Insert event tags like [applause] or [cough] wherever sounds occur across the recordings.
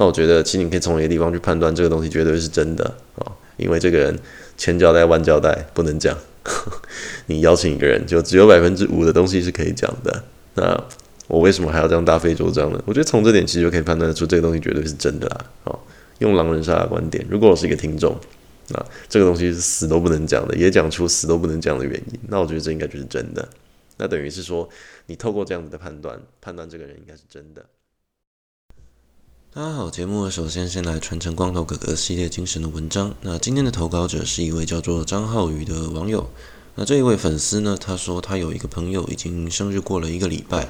那我覺得，其實你可以從一個地方去判斷這個東西絕對是真的啊、哦，因為這個人千交代萬交代不能講呵呵，你邀請一個人就只有百分之五的東西是可以講的。那我為什麼還要這樣大費周章呢？我覺得從這點其實就可以判斷得出這個東西絕對是真的啦、哦。用狼人殺的觀點，如果我是一個聽眾，啊，這個東西是死都不能講的，也講出死都不能講的原因，那我覺得這應該就是真的。那等於是說，你透過這樣子的判斷，判斷這個人應該是真的。大家好，節目首先先來傳承光頭哥哥系列精神的文章。那今天的投稿者是一位叫做張浩宇的網友。那這一位粉絲呢，他說他有一個朋友已經生日過了一個禮拜，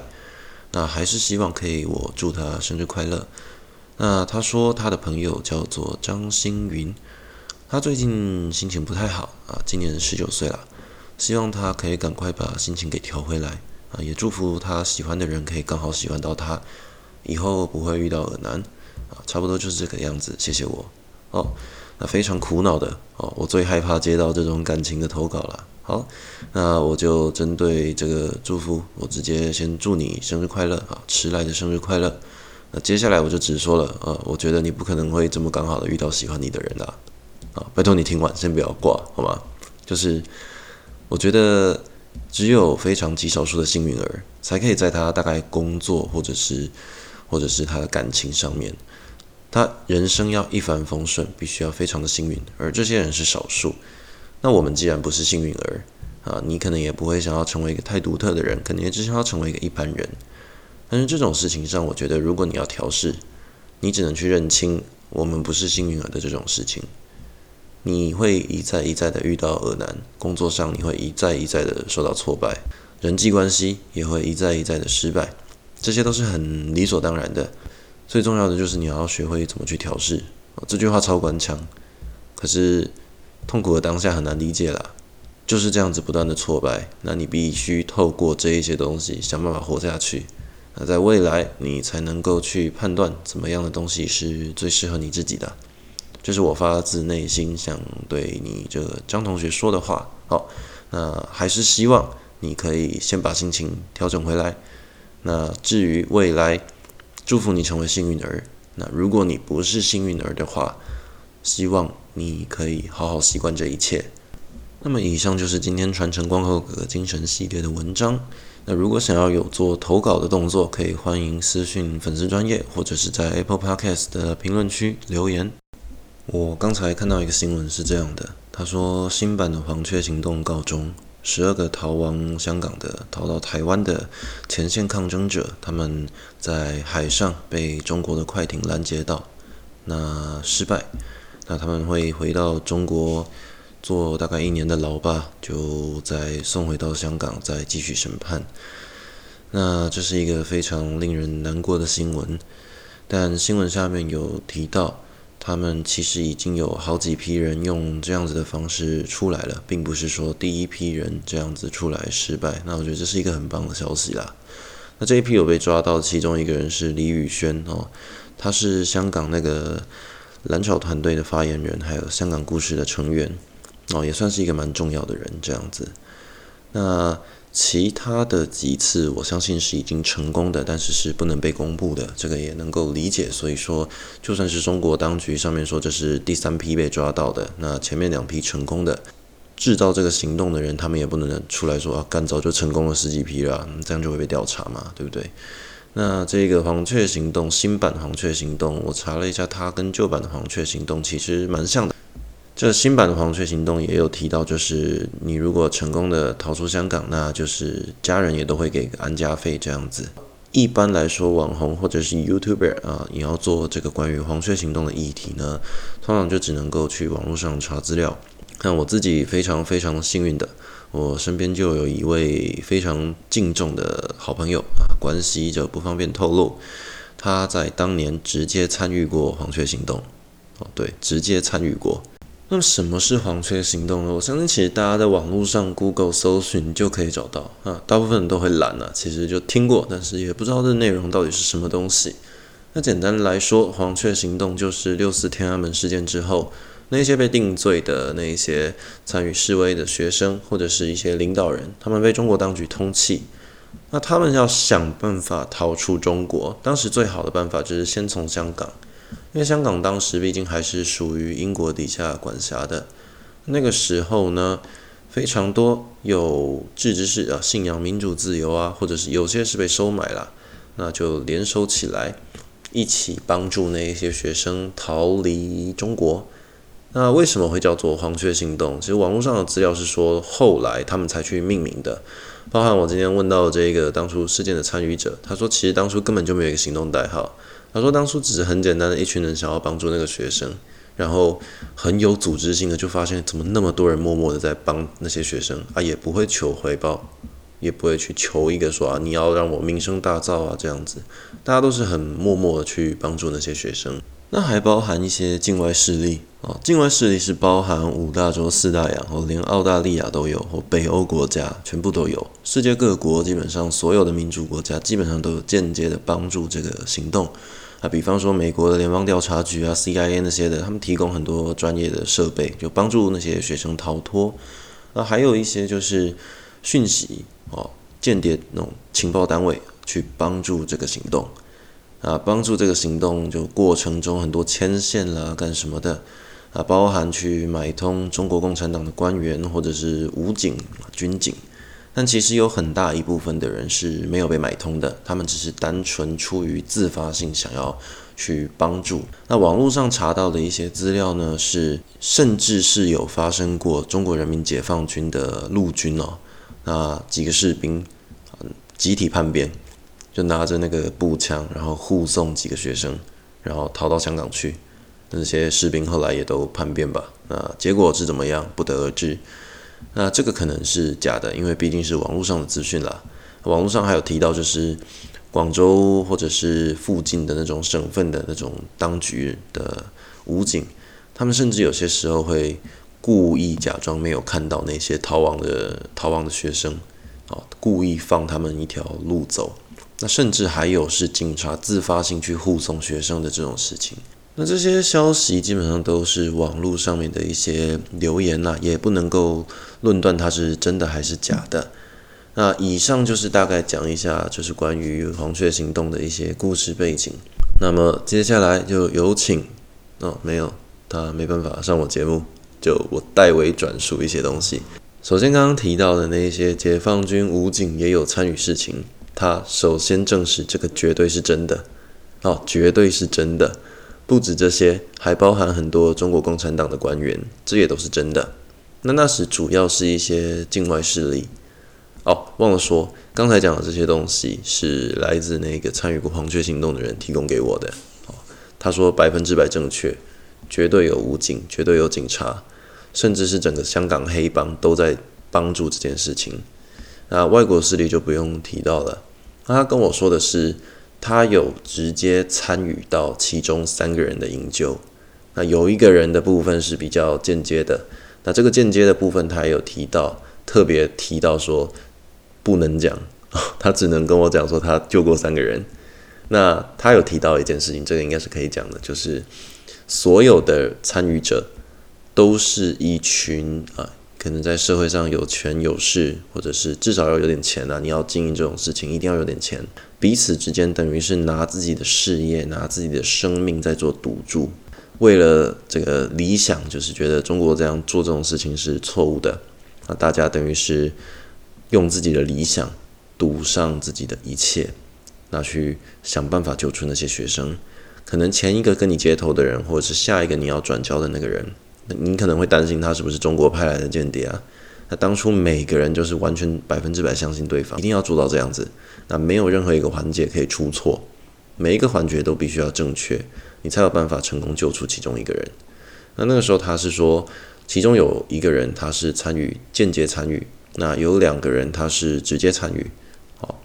那還是希望可以我祝他生日快樂。那他說他的朋友叫做張星雲，他最近心情不太好啊，今年十九歲了，希望他可以趕快把心情給調回來啊，也祝福他喜歡的人可以剛好喜歡到他。以後不會遇到惡男，啊，差不多就是這個樣子。謝謝我，哦，那非常苦惱的哦，我最害怕接到這種感情的投稿了。好，那我就針對這個祝福，我直接先祝你生日快樂啊！遲來的生日快樂。那接下來我就直說了，啊，我覺得你不可能會這麼剛好的遇到喜歡你的人啦，啊，啊，拜託你聽完先不要掛，好嗎？就是我覺得只有非常極少數的幸運兒才可以在他大概工作或者是。或者是他的感情上面，他人生要一帆風順，必須要非常的幸運，而這些人是少數。那我們既然不是幸運兒啊，你可能也不會想要成為一個太獨特的人，可能也只想要成為一個一般人。但是這種事情上，我覺得如果你要調試，你只能去認清我們不是幸運兒的這種事情。你會一再一再的遇到厄難，工作上你會一再一再的受到挫敗，人際關係也會一再一再的失敗。這些都是很理所當然的，最重要的就是你要學會怎麼去調試。這句話超官腔，可是痛苦的當下很難理解啦。就是這樣子不斷的挫敗，那你必須透過這一些東西想辦法活下去。那在未來，你才能夠去判斷怎麼樣的東西是最適合你自己的。這，就是我發自內心想對你這張同學說的話。好，那還是希望你可以先把心情調整回來。那至於未來，祝福你成為幸運兒。那如果你不是幸運兒的話，希望你可以好好習慣這一切。那麼以上就是今天傳承光後哥哥精神系列的文章。那如果想要有做投稿的動作，可以歡迎私訊粉絲專頁，或者是在 Apple Podcast 的評論區留言。我剛才看到一個新聞是這樣的，他說新版的《黃雀行動》告終。十二個逃亡香港的，逃到台灣的前線抗爭者，他們在海上被中國的快艇攔截到，那失敗，那他們會回到中國坐大概一年的牢吧，就再送回到香港，再繼續審判。那這是一個非常令人難過的新聞，但新聞下面有提到，他們其實已經有好幾批人用這樣子的方式出來了，並不是說第一批人這樣子出來失敗。那我覺得這是一個很棒的消息啦。那這一批有被抓到，其中一個人是李宇軒哦，他是香港那個攬炒團隊的發言人，還有香港故事的成員哦，也算是一個蠻重要的人這樣子。那其他的幾次，我相信是已經成功的，但是是不能被公布的，這個也能夠理解。所以說，就算是中國當局上面說，這是第三批被抓到的，那前面兩批成功的制造這個行動的人，他們也不能出來說啊，幹早就成功了十幾批了，這樣就會被調查嘛，對不對？那這個黃雀行動，新版黃雀行動，我查了一下，它跟舊版的黃雀行動其實蠻像的。這新版的黃雀行動也有提到，就是你如果成功的逃出香港，那就是家人也都會給個安家費這樣子。一般來說，網紅或者是 YouTuber 啊，你要做這個關於黃雀行動的議題呢，通常就只能夠去網絡上查資料。但我自己非常非常幸運的，我身邊就有一位非常敬重的好朋友啊，關係就不方便透露，他在當年直接參與過黃雀行動。哦，對，直接參與過。那麼，什麼是黃雀行動呢？我相信其實大家在網絡上 Google 搜尋就可以找到啊，大部分人都會懶了，啊，其實就聽過，但是也不知道這內容到底是什麼東西。那簡單來說，黃雀行動就是六四天安門事件之後，那些被定罪的那些參與示威的學生或者是一些領導人，他們被中國當局通緝，那他們要想辦法逃出中國，當時最好的辦法就是先從香港。因為香港當時畢竟還是屬於英國底下管轄的，那個時候呢，非常多有志之士啊，信仰民主自由啊，或者是有些是被收買了，那就聯手起來，一起幫助那一些學生逃離中國。那為什麼會叫做“黃雀行動”？其實網絡上的資料是說，後來他們才去命名的。包含我今天問到的這個當初事件的參與者，他說，其實當初根本就沒有一個行動代號。他說，當初只是很簡單的一群人想要幫助那個學生，然後很有組織性的就發現，怎麼那麼多人默默的在幫那些學生啊，也不會求回報，也不會去求一個說啊，你要讓我名聲大噪啊這樣子，大家都是很默默的去幫助那些學生。那還包含一些境外勢力啊，境外勢力是包含五大洲、四大洋，哦，連澳大利亞都有，或北歐國家全部都有，世界各國基本上所有的民主國家基本上都有間接的幫助這個行動啊，比方說美國的聯邦調查局啊、CIA 那些的，他們提供很多專業的設備，就幫助那些學生逃脫。那、啊、還有一些就是訊息哦、啊，間諜那種情報單位去幫助這個行動。啊，幫助這個行動，就過程中很多牽線啦，幹什麼的？啊，包含去買通中國共產黨的官員或者是武警、軍警，但其實有很大一部分的人是沒有被買通的，他們只是單純出於自發性想要去幫助。那網絡上查到的一些資料呢，是甚至是有發生過中國人民解放軍的陸軍哦，那幾個士兵集體叛變。就拿着那個步槍，然後護送幾個學生，然後逃到香港去。那些士兵後來也都叛變吧？那結果是怎麼樣？不得而知。那這個可能是假的，因為畢竟是網絡上的資訊啦。網絡上還有提到，就是廣州或者是附近的那種省份的那種當局的武警，他們甚至有些時候會故意假裝沒有看到那些逃亡的逃亡的學生，啊，故意放他們一條路走。那甚至還有是警察自發性去護送學生的這種事情。那這些消息基本上都是網絡上面的一些留言啦，也不能夠論斷它是真的還是假的。那以上就是大概講一下，就是關於“黃雀行動”的一些故事背景。那麼接下來就有請……哦，沒有，他沒辦法上我節目，就我代為轉述一些東西。首先剛剛提到的那一些解放軍武警也有參與事情。他首先證實這個絕對是真的，哦，絕對是真的。不止這些，還包含很多中國共產黨的官員，這也都是真的。那那時主要是一些境外勢力。哦，忘了說，剛才講的這些東西是來自那個參與過黃雀行動的人提供給我的。哦，他說百分之百正確，絕對有武警，絕對有警察，甚至是整個香港黑幫都在幫助這件事情。那外國勢力就不用提到了。那他跟我說的是，他有直接參與到其中三個人的營救。那有一個人的部分是比較間接的。那這個間接的部分，他也有提到，特別提到說不能講，他只能跟我講說他救過三個人。那他有提到一件事情，這個應該是可以講的，就是所有的參與者都是一群啊。可能在社會上有權有勢，或者是至少要有點錢啊！你要經營這種事情，一定要有點錢。彼此之間等於是拿自己的事業、拿自己的生命在做賭注，為了這個理想，就是覺得中國這樣做這種事情是錯誤的。那大家等於是用自己的理想賭上自己的一切，那去想辦法救出那些學生。可能前一個跟你接頭的人，或者是下一個你要轉交的那個人，你可能會擔心他是不是中國派來的間諜啊？那當初每個人就是完全百分之百相信對方，一定要做到這樣子，那沒有任何一個環節可以出錯，每一個環節都必須要正確，你才有辦法成功救出其中一個人。那那個時候他是說，其中有一個人他是參與，間接參與，那有兩個人他是直接參與。好，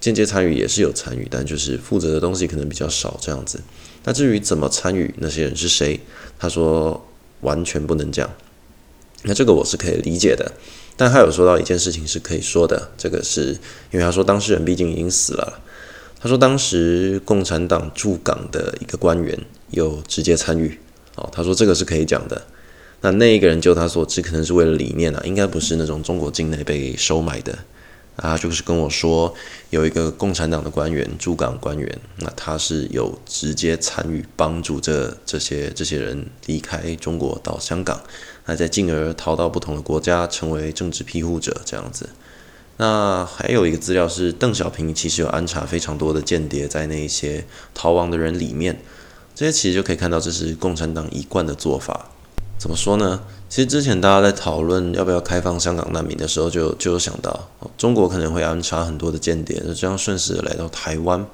間接參與也是有參與，但就是負責的東西可能比較少，這樣子。那至於怎麼參與，那些人是誰？他說。完全不能講，那這個我是可以理解的，但他有說到一件事情是可以說的，這個是因為他說當事人畢竟已經死了，他說當時共產黨駐港的一個官員有直接參與，哦，他說這個是可以講的，那那一個人就他所知，可能是為了理念啊，應該不是那種中國境內被收買的。啊，就是跟我說有一個共產黨的官員駐港官員，那他是有直接參與幫助這這些這些人離開中國到香港，那、啊、再進而逃到不同的國家成為政治庇護者這樣子。那還有一個資料是鄧小平其實有安插非常多的間諜在那一些逃亡的人裡面，這些其實就可以看到這是共產黨一貫的做法。怎麼說呢？其實之前大家在討論要不要開放香港難民的時候就，就就有想到中國可能會安插很多的間諜，就這樣順勢的來到台灣。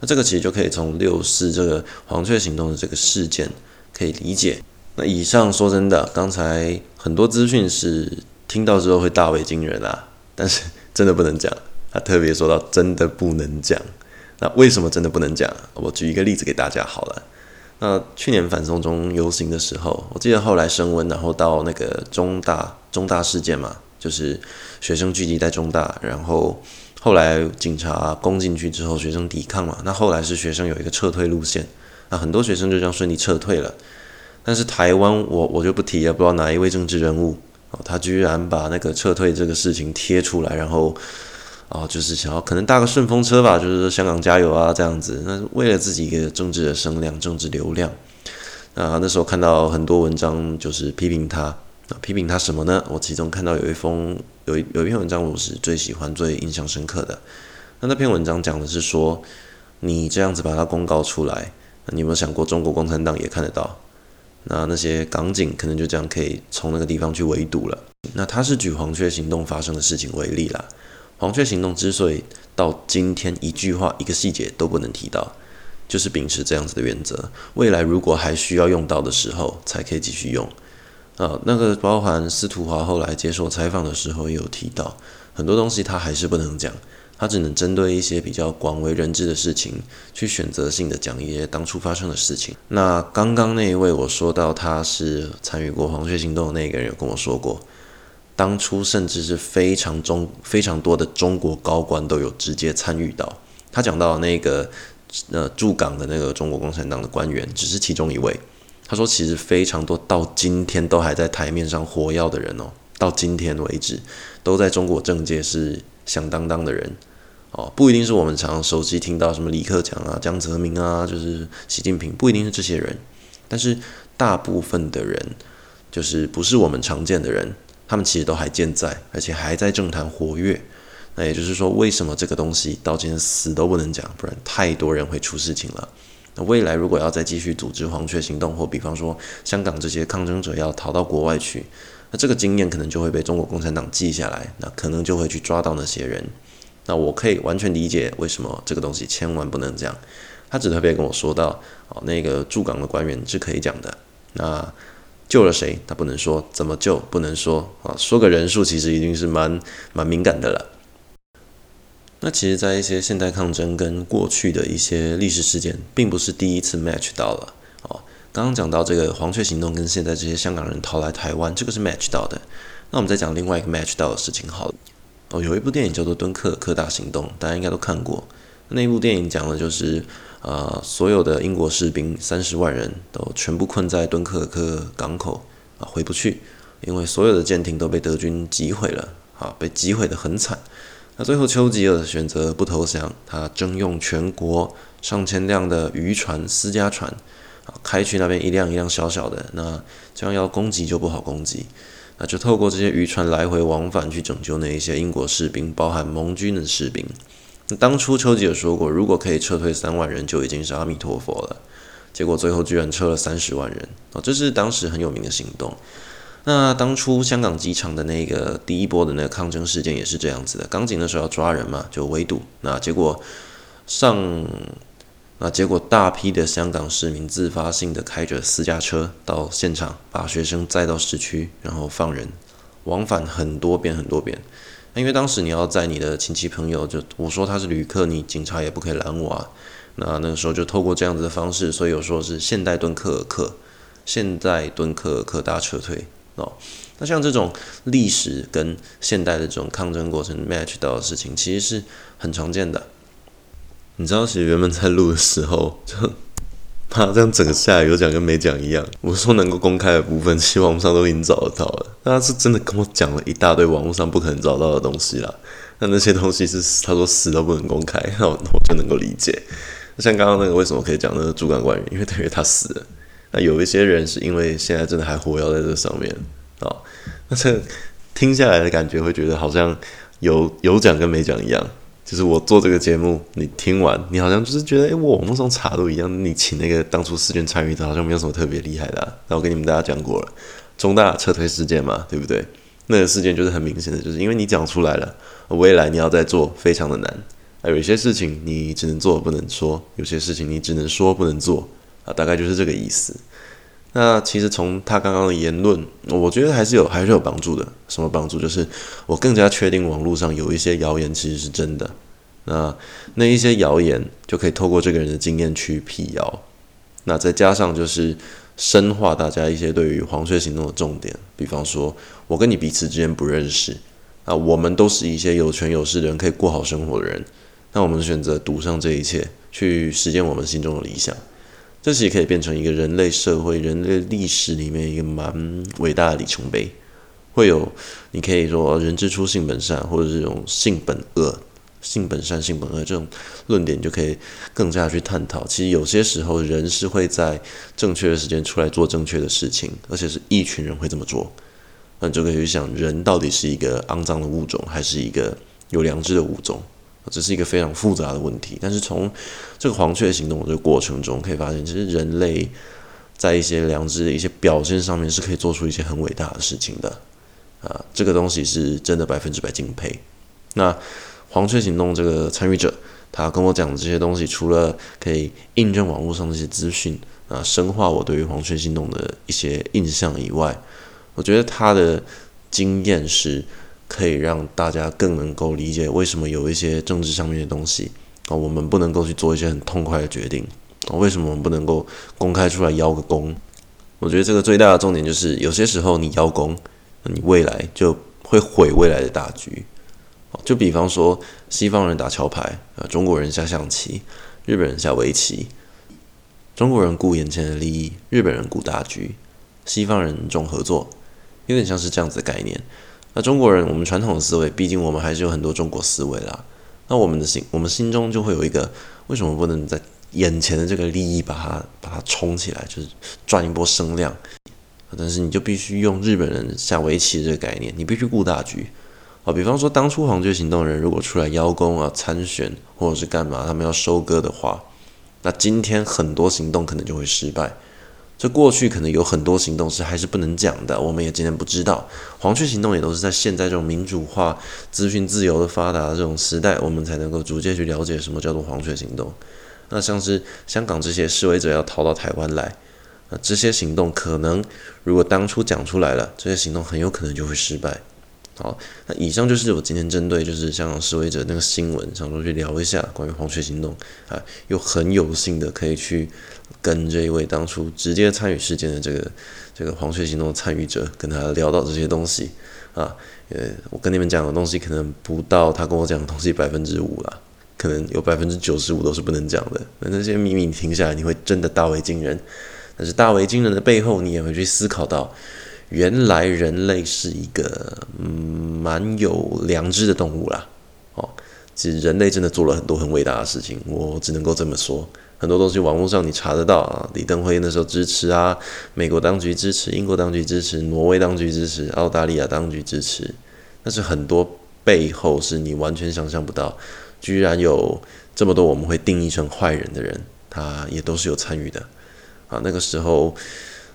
那這個其實就可以從六四這個黃雀行動的這個事件可以理解。那以上說真的，剛才很多資訊是聽到之後會大為驚人啊，但是真的不能講。他特別說到真的不能講。那為什麼真的不能講？我舉一個例子給大家好了。那去年反送中遊行的時候，我記得後來升溫，然後到那個中大中大事件嘛，就是學生聚集在中大，然後後來警察攻進去之後，學生抵抗嘛，那後來是學生有一個撤退路線，那很多學生就這樣順利撤退了。但是台灣，我我就不提了，不知道哪一位政治人物哦，他居然把那個撤退這個事情貼出來，然後。哦，就是想要可能搭個順風車吧，就是說香港加油啊這樣子。那為了自己一個政治的聲量、政治流量，啊，那時候看到很多文章，就是批評他，批評他什麼呢？我其中看到有一封有一有一篇文章，我是最喜歡、最印象深刻的。那那篇文章講的是說，你這樣子把它公告出來，那你有沒有想過中國共產黨也看得到？那那些港警可能就這樣可以從那個地方去圍堵了。那他是舉黃雀行動發生的事情為例啦。黃雀行動之所以到今天一句話、一個細節都不能提到，就是秉持這樣子的原則。未來如果還需要用到的時候，才可以繼續用。啊、呃，那個包含司徒華後來接受採訪的時候也有提到，很多東西他還是不能講，他只能針對一些比較廣為人知的事情，去選擇性的講一些當初發生的事情。那剛剛那一位我說到他是參與過黃雀行動的那個人，有跟我說過。當初甚至是非常中非常多的中國高官，都有直接參與到。他講到那個呃駐港的那個中國共產黨的官員只是其中一位，他說其實非常多到今天都還在台面上活躍的人哦，到今天為止都在中國政界是響當當的人哦，不一定是我們常常熟悉聽到什麼李克強啊、江澤民啊，就是習近平，不一定是這些人，但是大部分的人就是不是我們常見的人。他們其實都還健在，而且還在政壇活躍。那也就是說，為什麼這個東西到今天死都不能講？不然太多人會出事情了。那未來如果要再繼續組織黃雀行動，或比方說香港這些抗爭者要逃到國外去，那這個經驗可能就會被中國共產黨記下來，那可能就會去抓到那些人。那我可以完全理解為什麼這個東西千萬不能講。他只特別跟我說到，哦，那個駐港的官員是可以講的。那。救了誰？他不能說，怎麼救不能說啊！說個人數其實已經是蠻蠻敏感的了。那其實，在一些現代抗爭跟過去的一些歷史事件，並不是第一次 match 到了哦，剛剛講到這個黃雀行動跟現在這些香港人逃來台灣，這個是 match 到的。那我們再講另外一個 match 到的事情好了。哦，有一部電影叫做《敦刻爾克大行動》，大家應該都看過。那部電影講的就是，呃，所有的英國士兵三十萬人，都全部困在敦刻爾克港口啊，回不去，因為所有的艦艇都被德軍擊毀了，啊，被擊毀得很慘。那最後丘吉爾選擇不投降，他徵用全國上千輛的漁船、私家船啊，開去那邊一輛一輛小小的，那將要攻擊就不好攻擊，那就透過這些漁船來回往返去拯救那一些英國士兵，包含盟軍的士兵。那當初丘吉爾說過，如果可以撤退三萬人就已經是阿彌陀佛了，結果最後居然撤了三十萬人啊，這是當時很有名的行動。那當初香港機場的那個第一波的那個抗爭事件也是這樣子的，港警的時候要抓人嘛，就圍堵，那結果上，那結果大批的香港市民自發性的開着私家車到現場，把學生載到市區，然後放人，往返很多遍很多遍。因為當時你要載你的親戚朋友，就我說他是旅客，你警察也不可以攔我啊。那那個時候就透過這樣子的方式，所以有說是現代敦克爾克，現代敦克爾克大撤退哦。那像這種歷史跟現代的這種抗爭過程 match 到的事情，其實是很常見的。你知道，其實原本在錄的時候就。他、啊、這樣整個下來有講跟沒講一樣。我說能夠公開的部分，其實網上都已經找得到了。那他是真的跟我講了一大堆網絡上不可能找到的東西啦。那那些東西是他說死都不能公開，那我就能夠理解。像剛剛那個為什麼可以講那個主管官員，因為等於他死了。那有一些人是因為現在真的還活躍在這上面啊。那這聽下來的感覺會覺得好像有有講跟沒講一樣。就是我做這個節目，你聽完，你好像就是覺得，哎、欸，我網上查都一樣。你請那個當初事件參與的好像沒有什麼特別厲害的、啊。那我跟你們大家講過了，中大撤退事件嘛，對不對？那個事件就是很明顯的，就是因為你講出來了，未來你要再做非常的難。啊，有些事情你只能做不能說，有些事情你只能說不能做啊，大概就是這個意思。那其實從他剛剛的言論，我覺得還是有還是有幫助的。什麼幫助？就是我更加確定網絡上有一些謠言其實是真的。那那一些謠言就可以透過這個人的經驗去闢謠。那再加上就是深化大家一些對於黃雀行動的重點，比方說我跟你彼此之間不認識，啊，我們都是一些有權有勢的人，可以過好生活的人。那我們選擇賭上這一切，去實踐我們心中的理想。這其實可以變成一個人類社會、人類歷史裡面一個蠻偉大的里程碑。會有你可以說“人之初，性本善”或者這種“性本惡、性本善、性本惡”這種論點，就可以更加去探討。其實有些時候，人是會在正確的時間出來做正確的事情，而且是一群人會這麼做。那你就可以去想，人到底是一個骯髒的物種，還是一個有良知的物種？這是一個非常複雜的問題，但是從這個黃雀行動這個過程中，可以發現，其實人類在一些良知的一些表現上面，是可以做出一些很偉大的事情的。啊，這個東西是真的百分之百敬佩。那黃雀行動這個參與者，他跟我講的這些東西，除了可以印證網絡上的一些資訊，啊，深化我對於黃雀行動的一些印象以外，我覺得他的經驗是。可以讓大家更能夠理解為什麼有一些政治上面的東西啊，我們不能夠去做一些很痛快的決定啊，為什麼我們不能夠公開出來邀個功？我覺得這個最大的重點就是，有些時候你邀功，你未來就會毀未來的大局。就比方說，西方人打橋牌，中國人下象棋，日本人下圍棋，中國人顧眼前的利益，日本人顧大局，西方人重合作，有點像是這樣子的概念。那中國人，我們傳統的思維，畢竟我們還是有很多中國思維啦。那我們的心，我們心中就會有一個，為什麼不能在眼前的這個利益把它把它衝起來，就是賺一波聲量？但是你就必須用日本人下圍棋這個概念，你必須顧大局啊。比方說，當初黃雀行動的人如果出來邀功啊、參選或者是幹嘛，他們要收割的話，那今天很多行動可能就會失敗。這過去可能有很多行動是還是不能講的，我們也今天不知道。黃雀行動也都是在現在這種民主化、資訊自由的發達的這種時代，我們才能夠逐漸去了解什麼叫做黃雀行動。那像是香港這些示威者要逃到台灣來，啊，這些行動可能如果當初講出來了，這些行動很有可能就會失敗。好，那以上就是我今天針對就是香港示威者那個新聞，想說去聊一下關於黃雀行動啊，又很有幸的可以去。跟這一位當初直接參與事件的這個這個黃雀行動的參與者，跟他聊到這些東西啊，呃，我跟你們講的東西可能不到他跟我講的東西百分之五啦，可能有百分之九十五都是不能講的。但那這些秘密你聽下來你會真的大為驚人，但是大為驚人的背後，你也會去思考到，原來人類是一個、嗯、蠻有良知的動物啦。哦，其實人類真的做了很多很偉大的事情，我只能夠這麼說。很多東西網絡上你查得到啊，李登輝那時候支持啊，美國當局支持，英國當局支持，挪威當局支持，澳大利亞當局支持，但是很多背後是你完全想象不到，居然有這麼多我們會定義成壞人的人，他也都是有參與的啊。那個時候，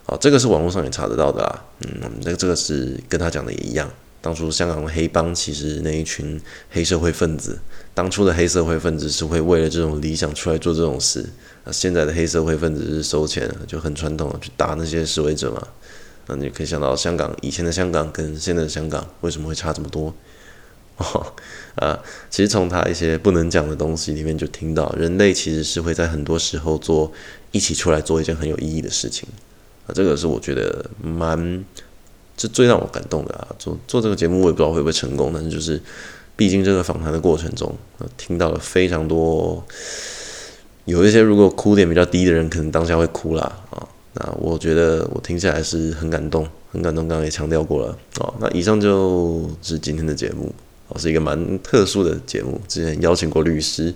啊，這個是網絡上也查得到的啊，嗯，那這個是跟他講的也一樣。當初香港的黑幫，其實是那一群黑社會分子，當初的黑社會分子是會為了這種理想出來做這種事。啊，現在的黑社會分子是收錢，就很傳統的去打那些示威者嘛。啊，你可以想到香港以前的香港跟現在的香港為什麼會差這麼多？哦，啊，其實從他一些不能講的東西裡面就聽到，人類其實是會在很多時候做一起出來做一件很有意義的事情。啊，這個是我覺得蠻。這最讓我感動的啊，做做這個節目我也不知道會不會成功，但是就是，畢竟這個訪談的過程中，聽到了非常多，有一些如果哭點比較低的人，可能當下會哭啦啊、哦，那我覺得我聽起來是很感動，很感動，剛剛也強調過了啊、哦。那以上就是今天的節目、哦，是一個蠻特殊的節目，之前邀請過律師，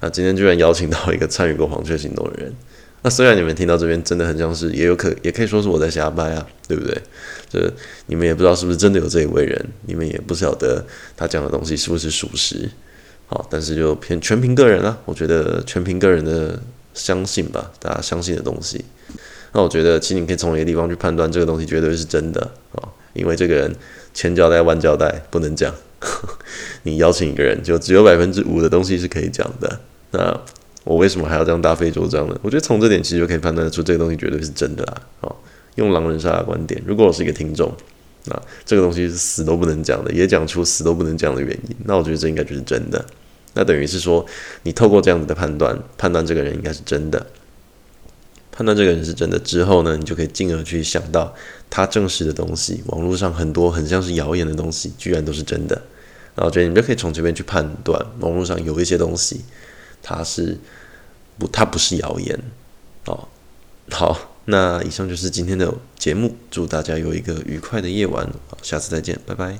啊，今天居然邀請到一個參與過黃雀行動的人。那雖然你們聽到這邊真的很像是，也有可也可以說是我在瞎掰啊，對不對？這你們也不知道是不是真的有這一位人，你們也不曉得他講的東西是不是屬實。好，但是就偏全憑個人啊，我覺得全憑個人的相信吧，大家相信的東西。那我覺得其實你可以從一個地方去判斷這個東西絕對是真的啊，因為這個人千交代萬交代不能講， [laughs] 你邀請一個人就只有百分之五的東西是可以講的。那。我為什麼還要這樣大費周章呢？我覺得從這點其實就可以判斷出這個東西絕對是真的啦。好、哦，用狼人殺的觀點，如果我是一個聽眾，那、啊、這個東西是死都不能講的，也講出死都不能講的原因，那我覺得這應該就是真的。那等於是說，你透過這樣子的判斷，判斷這個人應該是真的，判斷這個人是真的之後呢，你就可以進而去想到他證實的東西，網絡上很多很像是謠言的東西，居然都是真的，然後我覺得你就可以從這邊去判斷，網絡上有一些東西。他是不，他不是謠言，哦，好，好，那以上就是今天的節目，祝大家有一個愉快的夜晚，好，下次再見，拜拜。